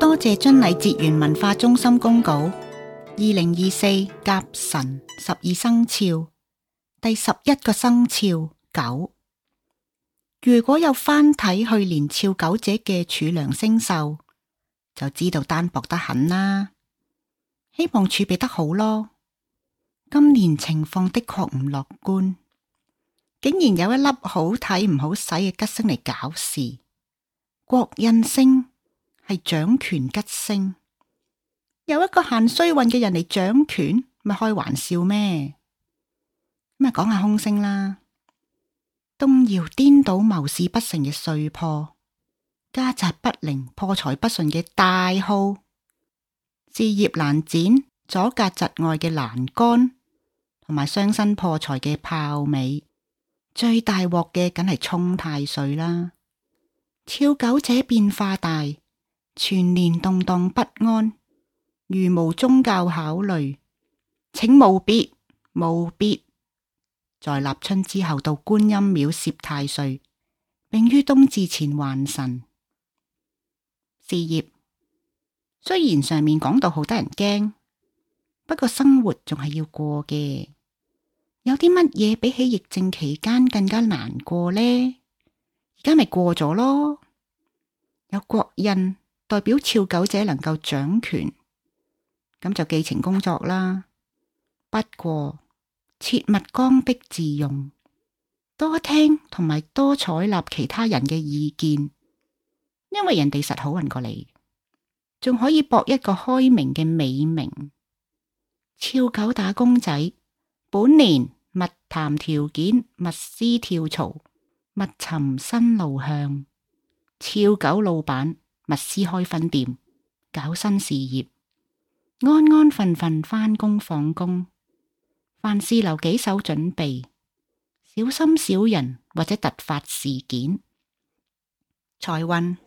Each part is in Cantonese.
多謝張禮節元文化中心公告，二零二四甲辰十二生肖第十一個生肖狗。如果有翻睇，去年肖狗者嘅儲糧星宿，就知道單薄得很啦。希望儲備得好咯。今年情況的確唔樂觀，竟然有一粒好睇唔好使嘅吉星嚟搞事，國印星。係掌權吉星，有一個限衰運嘅人嚟掌權，咪開玩笑咩？咁啊，講下凶星啦，動搖顛倒謀事不成嘅歲破，家宅不寧破財不順嘅大耗，置業難展阻隔窒外嘅闌干，同埋傷身破財嘅豹尾，最大鑊嘅梗係沖太歲啦。肖狗者變化大。全年動盪不安，如無宗教考慮，請務必務必在立春之後到觀音廟攝太歲，并於冬至前還神。事業雖然上面講到好得人驚，不過生活仲係要過嘅。有啲乜嘢比起疫症期間更加難過呢？而家咪過咗咯，有國印。代表肖狗者能夠掌權，咁就寄情工作啦。不過切勿剛愎自用，多聽同埋多採納其他人嘅意見，因為人哋實好運過你，仲可以博一個開明嘅美名。肖狗打工仔，本年勿談條件，勿思跳槽，勿尋新路向。肖狗老闆。密斯開分店，搞新事業，安安分分返工放工，凡事留幾手準備，小心小人或者突發事件。財運，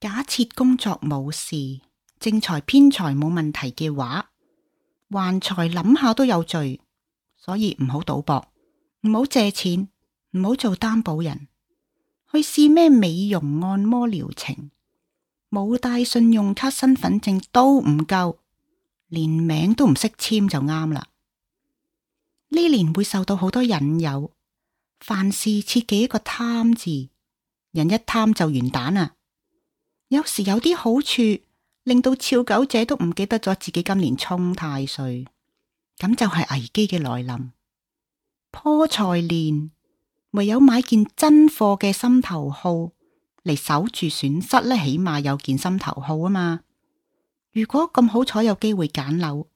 假設工作冇事，正財偏財冇問題嘅話，橫財諗下都有罪，所以唔好賭博，唔好借錢，唔好做擔保人。去試咩美容按摩療程？冇帶信用卡、身份證都唔夠，連名都唔識簽就啱啦。呢年會受到好多引誘，凡事切忌一個貪字。人一貪就完蛋喇！有時有啲好處，令到肖狗者都唔記得咗自己今年沖太歲，咁就係危機嘅來臨，破財年。唯有買件真貨嘅心頭好嚟，守住損失呢，起碼有件心頭好啊嘛。如果咁好彩有機會揀樓，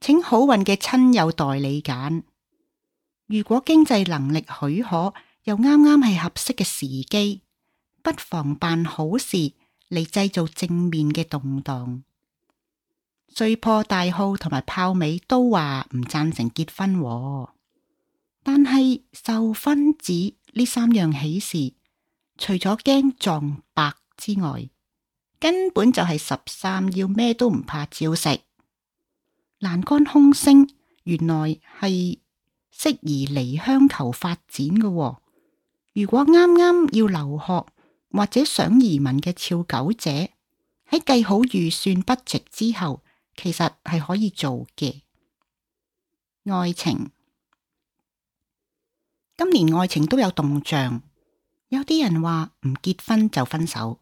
請好運嘅親友代理揀。如果經濟能力許可，又啱啱係合適嘅時機，不妨辦好事嚟製造正面嘅動盪。歲破、大耗同埋豹尾都話唔贊成結婚喎。但係受分子呢三樣喜事，除咗驚撞白之外，根本就係十三要咩都唔怕，照食。欄杆空星，原來係適宜離鄉求發展嘅喎。如果啱啱要留學或者想移民嘅肖狗者，喺計好預算 budget 之後，其實係可以做嘅。愛情。今年愛情都有動向，有啲人話唔結婚就分手。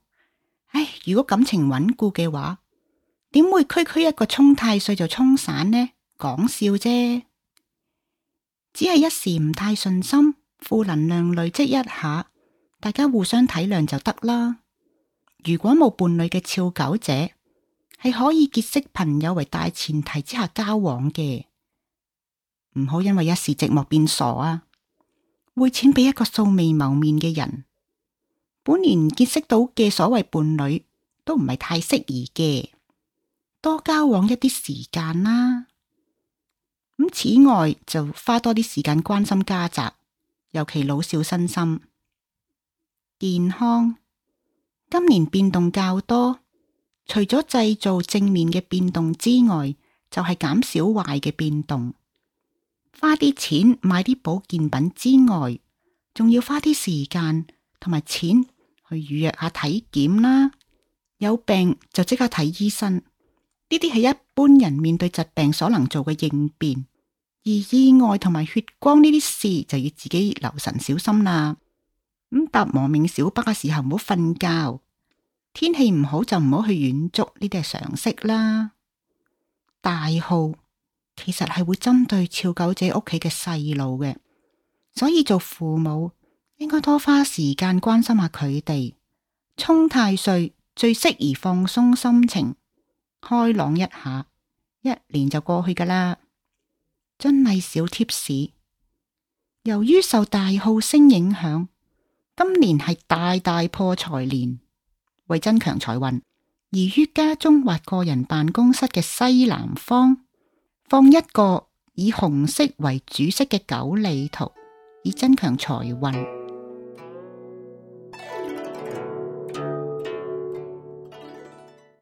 唉，如果感情穩固嘅話，點會區區一個沖太歲就沖散呢？講笑啫，只係一時唔太順心，負能量累積一下，大家互相體諒就得啦。如果冇伴侶嘅肖狗者，係可以結識朋友為大前提之下交往嘅，唔好因為一時寂寞變傻啊！匯錢俾一個素未謀面嘅人，本年結識到嘅所謂伴侶都唔係太適宜嘅，多交往一啲時間啦。咁此外就花多啲時間關心家宅，尤其老少身心健康。今年變動較多，除咗製造正面嘅變動之外，就係減少壞嘅變動。花啲錢買啲保健品之外，仲要花啲時間同埋錢去預約下體檢啦。有病就即刻睇醫生。呢啲係一般人面對疾病所能做嘅應變，而意外同埋血光呢啲事就要自己留神小心啦。咁、嗯、搭亡命小巴嘅時候唔好瞓覺，天氣唔好就唔好去遠足，呢啲係常識啦。大耗。其實係會針對肖狗者屋企嘅細路嘅，所以做父母應該多花時間關心下佢哋。沖太歲最適宜放鬆心情，開朗一下，一年就過去噶啦。遵禮小貼士：由於受大耗星影響，今年係大大破財年，為增強財運，而於家中或個人辦公室嘅西南方。放一個以紅色為主色嘅九利圖，以增強財運。